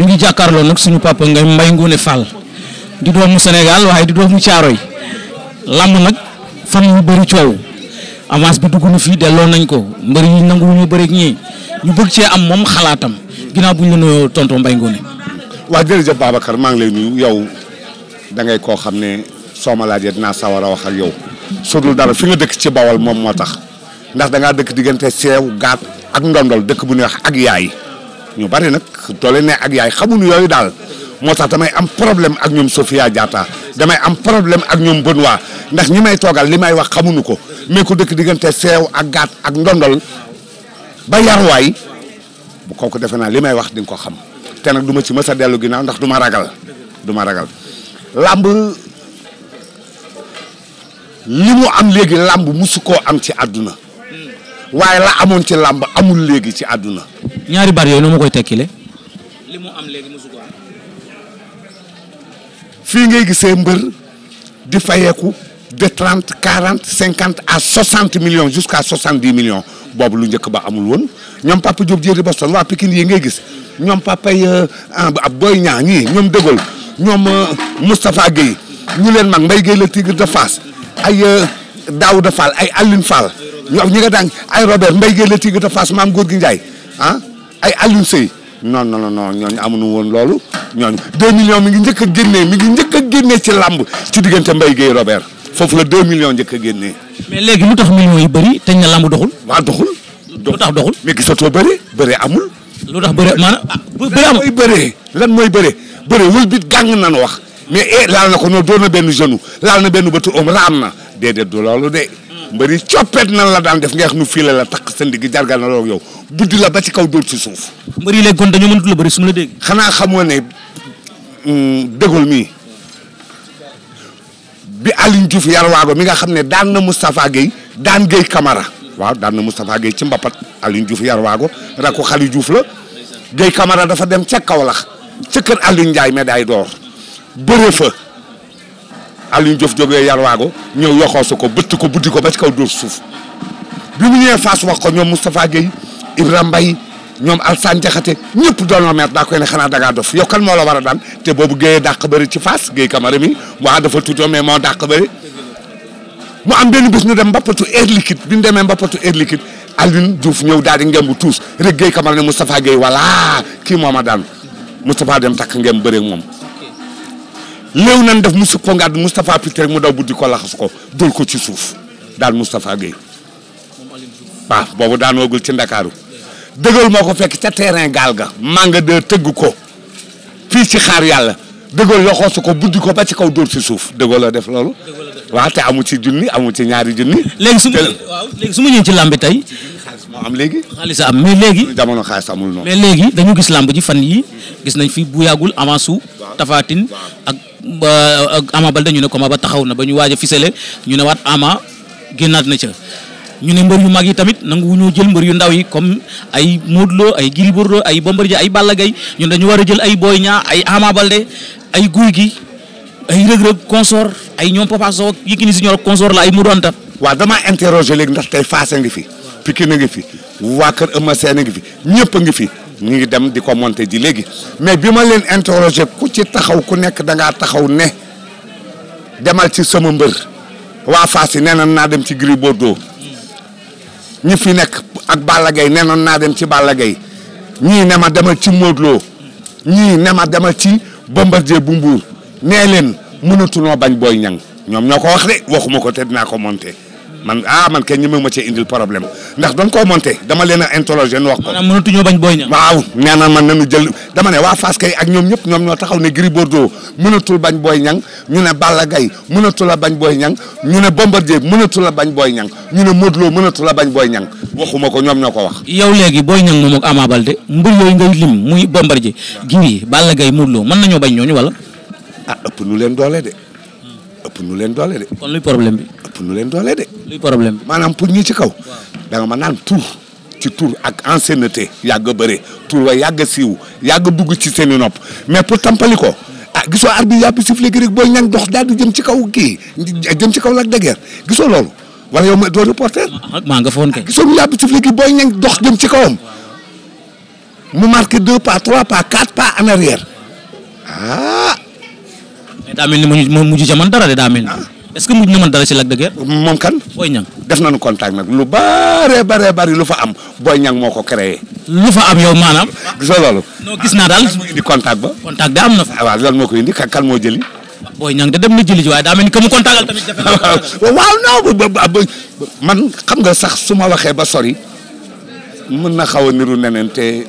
ñu ngi jàkkaarloo nag suñu papa ngay Mbaye Ngoné Fall di doomu Sénégal waaye di doomu Caaroy làmb nag fan yu bëri coow avance bi dugg nañ ko mbër yi nanguwuñu bëri ñu bëgg cee am moom xalaatam ginnaaw bu ñu la nuyoo tonton Mbaye Ngoné. waa maa ngi lay nuyu yow da ngay koo xam ne soo ma laajee dinaa sawar a wax ak yow su dul dara fi nga dëkk ci bawal moom moo tax ndax da dëkk diggante seew gaat ak ndondol dëkk bu ñuy wax ak yaay. ñu bari nag doole ne ak yaay xamuñu yooyu daal moo tax damay am problème ak ñoom Sofia jaata damay am problème ak ñoom waa ndax ñi may toogal li may wax xamuñu ko mais ku dëkk diggante seew ak gaat ak ndondol ba yarwaay bu kooku defe naa li may wax di ko xam te nag du ci mës a dellu ginnaaw ndax du ma ragal du ragal làmb li mu am léegi làmb musu koo am ci àdduna waaye la amoon ci làmb amul léegi ci àdduna ñaari baat yooyu noo ma koy tekkile li mu am léegi fii ngay gisee mbër di fayeeku de trente quarante cinquante à soixante millions jusqu'à soixante dix million boobu lu njëkk ba amul woon ñoom Papa Diop jëri Boston waa Pikine yi ngay gis ñoom Papa yi euh, ab ah, Boy Niang ñii ñoom Dégol ñoom euh, Moustapha Guèye ñu leen mag Mbaye Guèye le Tigre de Fass ay euh, Daouda Fall ay Aline Fall ñoom ñi nga daan ay Robert Mbaye Guèye le Tigre de maam góor gi Ndiaye ah. ay Aliou Seye non no non ñooñu amuñu woon loolu ñooñu 2 millions mi ngi njëkk génnee mi ngi njëkk a génnee ci làmb ci diggante mbay Guèye Robert foofu la 2 millions njëkk a génnee. mais léegi lu tax millions yi bëri te ñu ne làmb doxul. waaw doxul. lu tax doxul mais gisatoo bëri bëri amul. lu tax bëri maanaam ah, bëri amul lan mooy bëree lan mooy bëree bëri wul bit gàng nan wax mais eh laal na ko noonu doon na benn genou laal na benn bëtu om raam na déedéet du loolu de. mbëri coppet nan la daan def nga xam nu fii la la takk sa ndigg jargal na loolu yow buddi la ba ci kaw dóor ci suuf. mbëri léegi kon dañoo mënut la bëri su ma la dégg. xanaa xamoo ne mm, dégol mii bi juuf Diouf yarwaago mi nga xam ne daan na Moustapha Guèye daan Guèye kamara waaw daan na Moustapha Guèye ci mbappat mbapat juuf Diouf yarwaago rakku Xali juuf la Guèye kamara dafa dem ca Kaolack ca kër Alioune njaay médaille d'or bëree jof Aliou Diouf jógee Yarwaago ñëw yoxoosu ko bëtt ko buddi ko ba ci kaw dóor suuf bi mu ñëwee Fass wax ko ñoom Moustapha Guèye Ibrahima Mbaye ñoom Alsane Diakhaté ñëpp doonoo mer daa koy ne xanaa dangaa dof yow moo la war a daan te boobu Guèye dàq bëri ci Fass Guèye Camara mi waa dafa tuutoo mais moo dàq bëri mu am benn bis ñu dem mbappatu air liquide bi ñu demee mbappatu air liquide Aliou Diouf ñëw daal di ngemb tuus rek Guèye Camara ne Moustapha Guèye voilà kii moom a daan Moustapha dem takk ngem bëree moom léew nan def mu sëpp ko ngàdd Moustapha Pitt rek mu daw buddi ko laxas ko dóol ko ci suuf daal Moustapha Gueye waaw boobu daanoogul ci Ndakaaru dëgal moo ko fekk ca terrain gaal ga manga de tëgg ko fii ci xaar yàlla dëgal loxoosu ko buddi ko ba ci kaw dóor ci suuf dëgal la def loolu waaw te amu ci junni amul ci ñaari junni léegi su ma waaw ci làmb tey xaalis moo am léegi xaalis am mais léegi jamono xaalis amul noonu dañu gis làmb ji fan yi gis nañ fi bu yàggul avance ak Ama Baldé ñu ne combat ba taxaw na ba ñu waaj a fisale ñu ne waat Ama génnaat na ca ñu ne mbër yu mag yi tamit nangu wu ñoo jël mbër yu ndaw yi comme ay Modou Lo ay Gris Bordeaux ay Bombardier ay Balla Gaye ñun war a jël ay Boy Niang ay Ama Baldé ay Gouye Gui ay Reug Reug consort ay ñoom la ay Modou Anta waaw damaa léegi ndax tey Fass ngi fi Pikine ngi fi waa kër Eumeu Sène ngi fi ñëpp ngi fi ñu ngi dem di ko monter ji léegi mais bi ma leen interroger ku ci taxaw ku nekk da ngaa taxaw ne demal ci sama mbër waa Fass yi neenoon naa dem ci Gris Bordeaux ñi fi nekk ak Balla Gaye neenoon naa dem ci Balla Gaye ñii ne ma demal ci Modou Lo ñii demal ci Bombardier bu Mbuur nee leen mënatunoo bañ Boy Niang ñoom ñoo ko wax de waxuma ko te dinaa ko monter man ah man kenn ñemewu ma cee indil problème ndax doon koo monté dama leen a interroger wax ko. mënatuñoo bañ booy ña. waaw nee na man nañu jël dama ne waa Fass ak ñoom ñëpp ñoom ñoo taxaw ne Gris Bordeaux mënatul bañ booy ñang ñu ne Balla gay mënatul a bañ booy ñang ñu ne Bombardier mënatul a bañ booy ñang ñu ne Modou Lo mënatul a bañ booy ñang waxuma ko ñoom ñoo ko wax. yow léegi booy ñang moom ak Ama Baldé mbir yooyu ngay lim muy Bombardier Gris Balla gay Modou Lo mën nañoo bañ ñooñu wala. ah ëpp nu leen doole de ëpp nu leen doole de. kon luy problème bi ëpp nu leen doole de. luy problème maanaam pour ñi ci kaw. da nga ma naan tur ci tur ak ancienneté yàgg a bëre tur wa yàgg a siiw yàgg bugg ci seen i nopp mais pour tampali ko ah gisoo ar bi yàpp sifle gi rek booy ñang dox daal di jëm ci kaw kii jëm ci kaw lak de Guiers gisoo loolu wala yow ma doo reporter. maa nga foon kay. gisoo yàpp sifle gi booy ñang dox jëm ci kawam mu marqué deux pas trois pas quatre pas en arrière ah. mais daa mel mu mujj jamono dara de daa mel est-ce que mujj na mën dara ci Lac de moom kan. Boy Niang def nañu contact nag lu bare bare bari lu fa am booy Niang moo ko créé. lu fa am yow maanaam. gisoo loolu. gis naa daal indi contact ba. contact da am na fa. Ah, waaw loolu moo ko indi kan moo jëli. Boy Niang da dem na jëli ji waaye daa mel ni que mu waaw non man xam nga sax su ma waxee ba sori mën na xaw a niru neneen te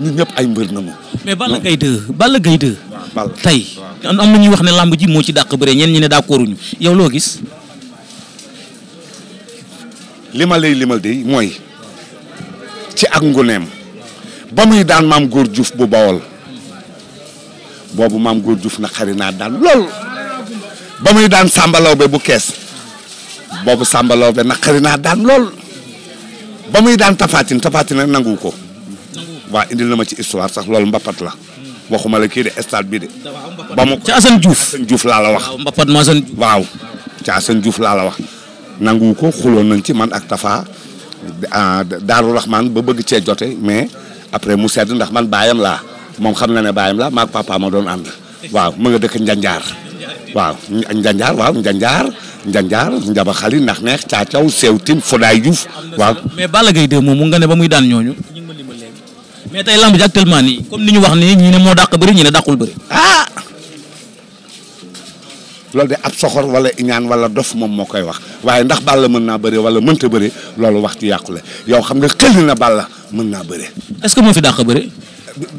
ñun ñëpp ay mbër na ma. mais Balla Gaye 2 Balla Gaye 2 tey am na ñuy wax ne làmb ji moo ci dàq bëree ñeen ñi ne d'accorduñu yow loo gis li ma lay limal de mooy ci ak nguneem ba muy daan maam góor juuf bu bawol boobu maam góor juuf na xari naa daan lool ba muy daan sàmbalaw bu kees boobu sàmbalaw be na xari naa daan lool ba muy daan tafaatin tafaatin nag nangu ko waa indi la ma ci histoire sax loolu mbappat la waxuma la kii de stade bi de. ba ma ci Assane Diouf laa la wax. waaw Mbapat ma Assane Diouf waaw ci Assane Diouf laa la wax. nangu ko xuloon nañ ci man ak Tafa ah, Daaru Rahman ba bëgg cee jote mais après mu sedd ndax man baayam laa moom xam na ne baayam la maag papa ma doon ànd. waaw mu nga dëkk Njanjaar. waaw Njanjaar waaw Njanjaar Njanjaar Njaba Xali ndax neex caacaw Sewtin Fodaay Diouf waaw. mais Balla Gaye de moom mu nga ne ba muy daan ñooñu. mais tey lamb ji actuellement nii comme ni ñu wax nii ñi ne moo dàq bëri ñi ne dàqul bëri. ah loolu de ab soxor wala ñaan wala dof moom moo koy wax waaye ndax la mën naa bëri wala mënta bëri loolu wax ci yàqule yow xam nga xëy na bal la mën naa bëri. est-ce que moo fi dàq bëri.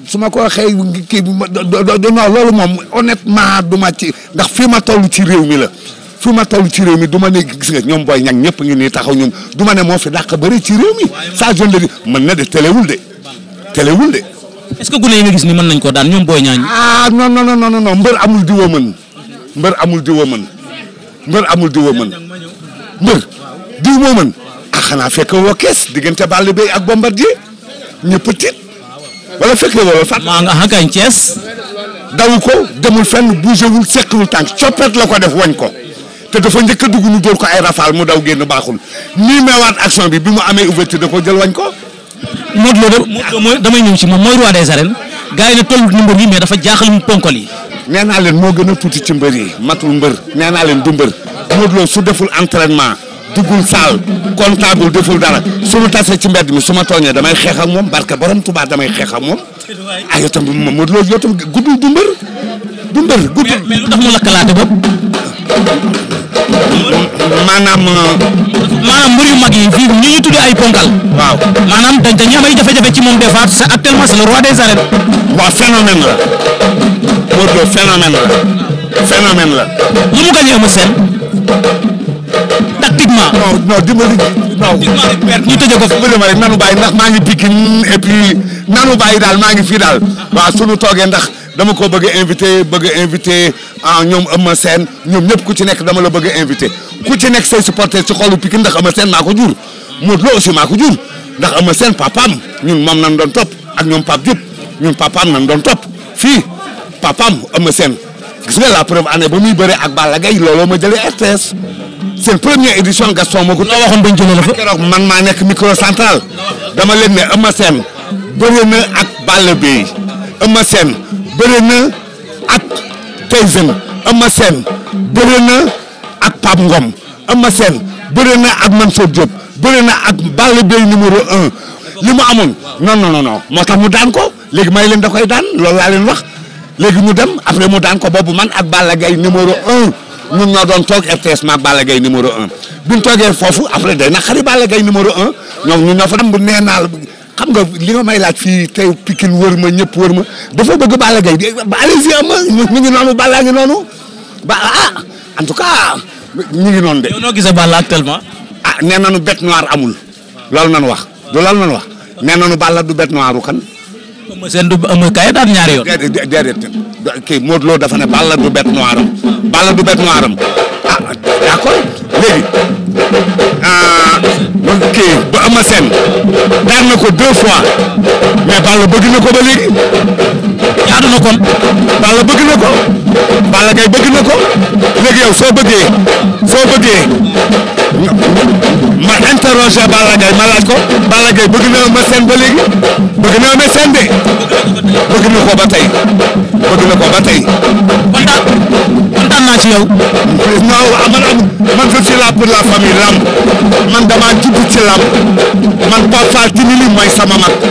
su ma ko waxee kii bi ma non loolu moom honnêtement du ma ci ndax fii ma toll ci réew mi la. fu ma toll ci réew mi du ma ne gis nga ñoom booy ñag ñëpp ngi nii taxaw ñoom du ma ne moo fi dàq bëri ci réew mi mën na de telewul de. kelewul de. est ce gune yi nga gis ni mën nañ koo daan ñoom booy ñaañ. ah non non non mbër amul diwa mën mbër amul diwa mën mbër amul diwa mën mbër diw moo mën ah xanaa fekk woo kees diggante Balla Beye ak Bombardier ñëpp tiit wala fekk wala fat maa nga xakañ Cees daw ko demul fenn bougéwul seqwul tànk coppet la ko def wañ ko te dafa njëkk a dugg ñu dóor ko ay rafal mu daw génn baaxul nii meewaat action bi bi mu amee ouverture da ko jël wañ ko moo Lo Modou damay ñëw ci moom mooy roi des arènes gars yi ne tollu ni mbër yi mais jaaxal mu ponkal yi. nee naa moo gën a tuuti ci mbër yi matul mbër nee naa leen du mbër. Modou su deful entraînement duggul saal comptable deful dara su ma tasee ci mbedd mi su ma tooñee damay xeex ak moom barke borom Tuubaa damay xeex ak moom ah yow tam Modou Lo yow tam guddul du mbër du mbër guddul. mais mais lu tax mu lakkalaate maanaam. maanaam mbir yu mag yi fii ñu ñu tuddee ay ponkal. waaw maanaam dañ dañuy am ay jafe-jafe ci moom de fois c' est actuellement c' est le roi des arènes. waaw phénomène la. moo Lo phénomène la. phénomène mu gagné Eumeu Sène. tactiquement. ñu tëjee ko fi. dimbali ma rek nanu bàyyi maa ngi Pikine et puis nanu bàyyi daal maa ngi fii daal waaw sunu toogee ndax. dama ko bëgg invité bëgg invité ah ñoom Eumeu Sène ñoom ñëpp ku ci nekk dama la bëgg invité ku ci nekk say supporter ci xolu Pikine ndax Eumeu Sène maa ko jur Modou Lo aussi maa ko jur ndax seen Sène papaam ñun moom nan doon topp ak ñoom Pape Diop ñun papaam nan doon topp fii papaam Eumeu Sène gis nga la preuve année ba muy bëre ak Balla Gaye looloo ma jëlee RTS seen première édition Gaston moo ko la waxoon bañ jëlee la fa keroog man maa nekk micro central dama leen ne Eumeu Sène bëri na ak Balla Gaye Eumeu Sène bëre na ak Tyson Eumeu Sène bëre na ak Pape Ngom Eumeu Sène bëre na ak Mansour Diop bëre na ak Balla Gaye numéro un li mu amoon non non non moo tax mu daan ko léegi may leen da koy daan loolu laa leen wax léegi mu dem après mu daan ko boobu man ak Balla Gaye numéro un ñun ñoo doon toog RTS maag Balla Gaye numéro un bi ñu toogee foofu après day na xari bala gay numéro un ñoom ñoo fa dem bu nee naa la xam nga li nga may laaj fii tey Pikine wër ma ñëpp wër ma dafa bëgg Balla Gaye ba allez-y am ah, mi ngi noonu Balla ngi noonu ba ah en tout cas ñu ngi noonu de. yow noo gisee Balla actuellement. ah nee nañu bête noire amul. loolu nañu wax du loolu nañu wax nee nañu Balla du bête noire kan. ma seen du am kay daan ñaari yoon. déedéet déedéet kii Modou Lo dafa ne Balla du bête noire am Balla du bête noire am ah d'accord léegi. Euh, marqué ba Eumeu Sène daan na ko deux fois mais Balla bëgg na ko ba léegi yaadu na bëgg na ko Balla bëgg na ko léegi yow soo bëggee soo bëggee na roose Balla Gaye ma laaj ko Balla Gaye bëgg na ma seen ba léegi bëgg na ma seen de bëgg na ko ba tey bëgg na ko ba tey. kontaan kontaan naa ci yow. non man am man je suis là la famille lamb man damaa judd ci lamb man Papa Timili mooy sama mag.